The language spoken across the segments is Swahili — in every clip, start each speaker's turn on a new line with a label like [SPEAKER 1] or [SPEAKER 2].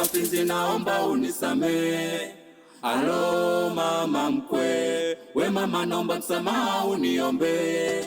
[SPEAKER 1] mapenzi, naomba unisamee. Alo mama mkwe, we mama, naomba msamaha uniombee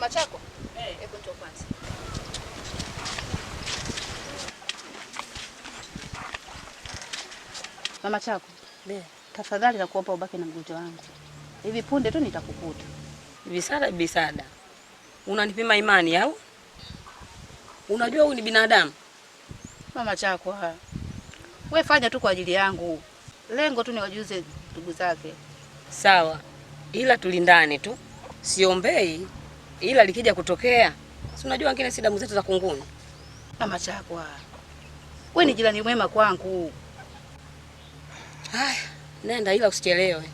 [SPEAKER 1] chama chako eh. Hebu njoo kwanza. Mama chako Be. Tafadhali nakuomba ubaki na mgonjwa wangu, hivi punde tu nitakukuta.
[SPEAKER 2] Bisada, Bisada, unanipima imani au unajua huyu ni binadamu?
[SPEAKER 1] Mama chako ha. We fanya tu kwa ajili yangu, lengo tu niwajuze ndugu zake.
[SPEAKER 2] Sawa, ila tulindane tu, siombei ila likija kutokea, si unajua wengine si damu zetu za kunguni.
[SPEAKER 1] Mama Chakwa, wewe ni jirani mwema kwangu.
[SPEAKER 2] Haya, nenda ila usichelewe.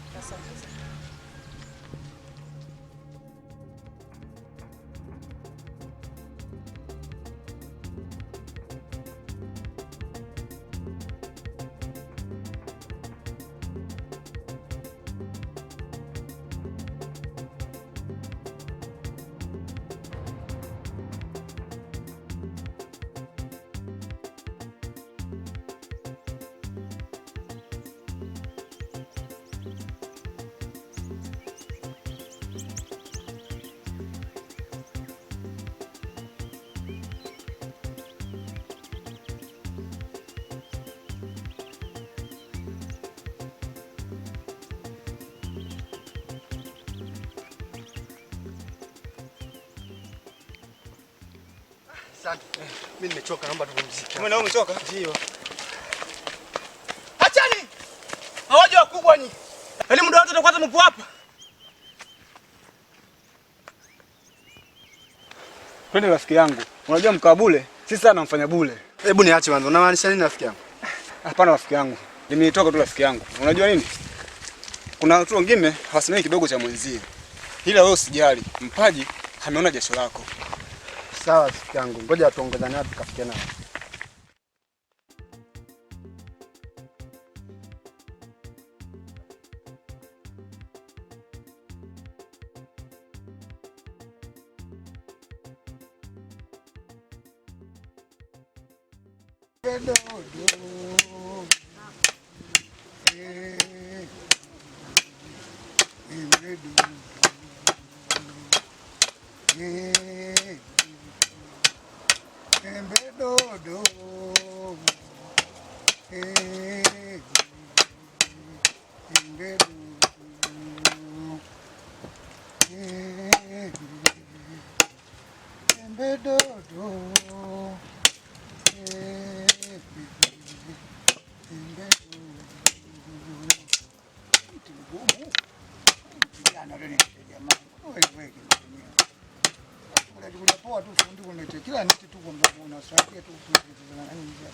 [SPEAKER 3] Asante. Eh, mimi nimechoka, naomba tupumzike. Wewe umechoka? Ndio.
[SPEAKER 4] Achani. wakubwa ni. Yaani mpo hapa.
[SPEAKER 5] Twende rafiki yangu. Unajua bule si sana mfanya bule.
[SPEAKER 6] Hebu niache bwana. Unamaanisha nini rafiki yangu?
[SPEAKER 5] Hapana rafiki yangu. Nimetoka tu rafiki yangu. Unajua nini? Kuna watu wengine hawasemei kidogo cha mwenzie. Ila wewe usijali. Mpaji ameona jasho lako.
[SPEAKER 6] Sawa siku yangu, ngoja tuongezane hapo tukafike nao. do? Hey.
[SPEAKER 7] kuwa tu fundi kunete kila niti tu kwamba kuna sasa tu fundi kuna nani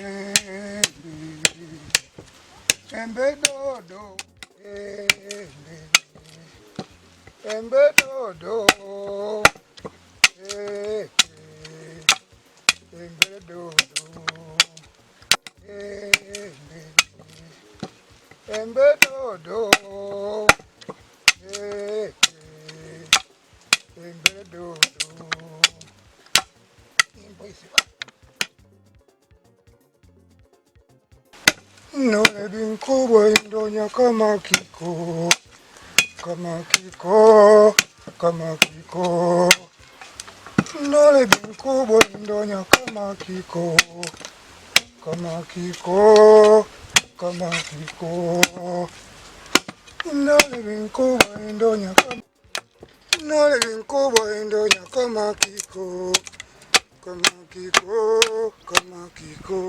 [SPEAKER 7] eh embe dodo eh embe dodo eh embe dodo embe dodo mkubwa ndonya kama kiko kama kiko kama kiko ndole binkubwa indonya kama kiko kama kiko kama kiko ndole binkubwa indonya kama ndole binkubwa ndonya kama kiko kama kiko kama kiko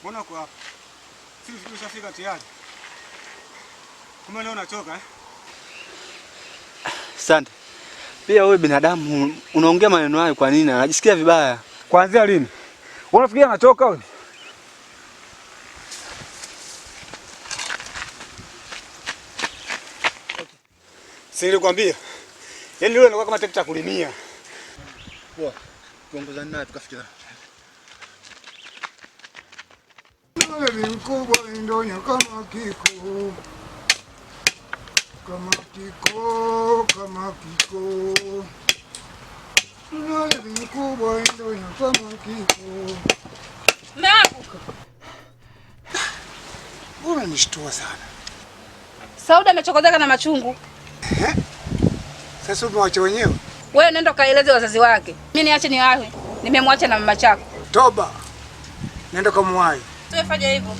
[SPEAKER 8] Mbona uko hapa? Si usiku ushafika tayari? Kumbe leo unachoka eh?
[SPEAKER 5] Asante. Pia wewe binadamu unaongea maneno hayo kwa nini? Anajisikia vibaya.
[SPEAKER 8] Kuanzia lini? Unafikiria nachoka wewe? Si nilikwambia. Yaani yule anakuwa kama tekta kulimia.
[SPEAKER 6] Poa. Tuongozane naye tukafikiana. Mwezi mkubwa indonyo kama kiko kama
[SPEAKER 1] kiko kama kiko mkubwa kama kiko sana. Sauda amechokozeka na machungu.
[SPEAKER 9] Sasa umewacha wenyewe.
[SPEAKER 1] Wewe nenda kaeleze wazazi wake. Mimi niache Nimemwacha na mama chako.
[SPEAKER 9] Toba. Nenda
[SPEAKER 1] tuwefanya hivyo.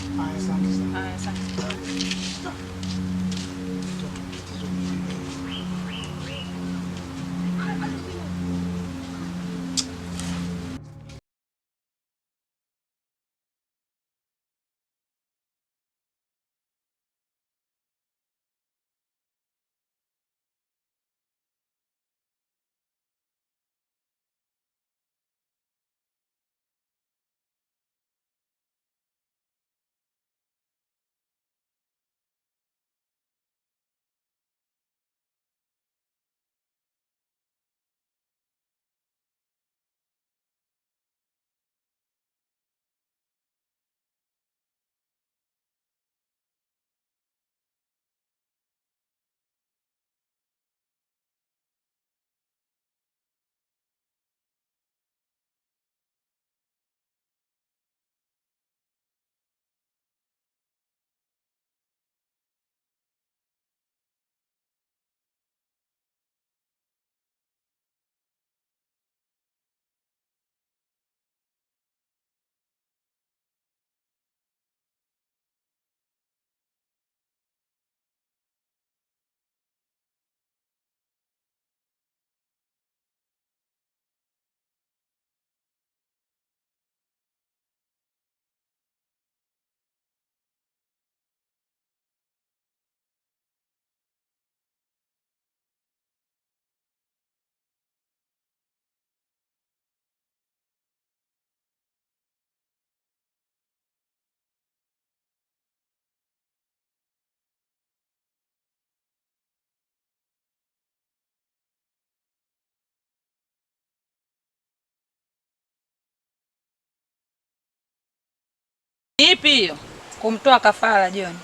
[SPEAKER 1] Ipi hiyo? Kumtoa kafara John?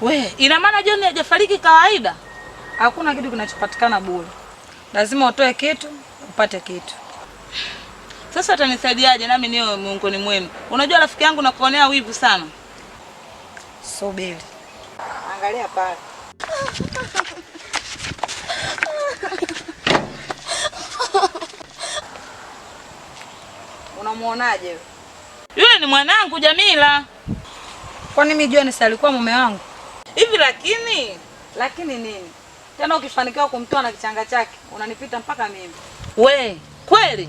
[SPEAKER 1] We, ina maana John hajafariki kawaida? Hakuna kitu kinachopatikana bure, lazima utoe kitu upate kitu. Sasa utanisaidiaje nami niwe miongoni mwenu? Unajua rafiki yangu nakuonea wivu sana. Subiri, angalia pale wewe? Yule ni mwanangu Jamila. Kwani mimi Jones alikuwa mume wangu hivi? Lakini lakini nini tena, ukifanikiwa kumtoa na kichanga chake unanipita mpaka mimi? We kweli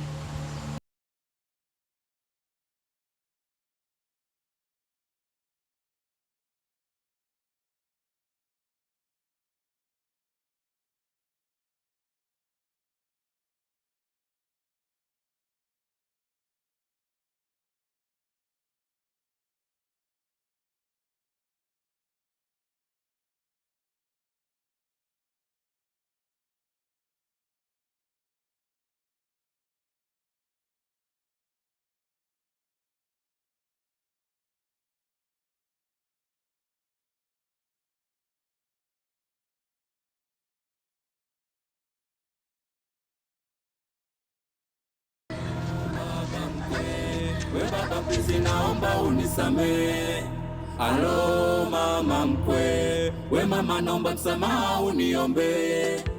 [SPEAKER 1] mapenzi, naomba unisamee. Alo mama mkwe, we mama, naomba msamaha uniombee.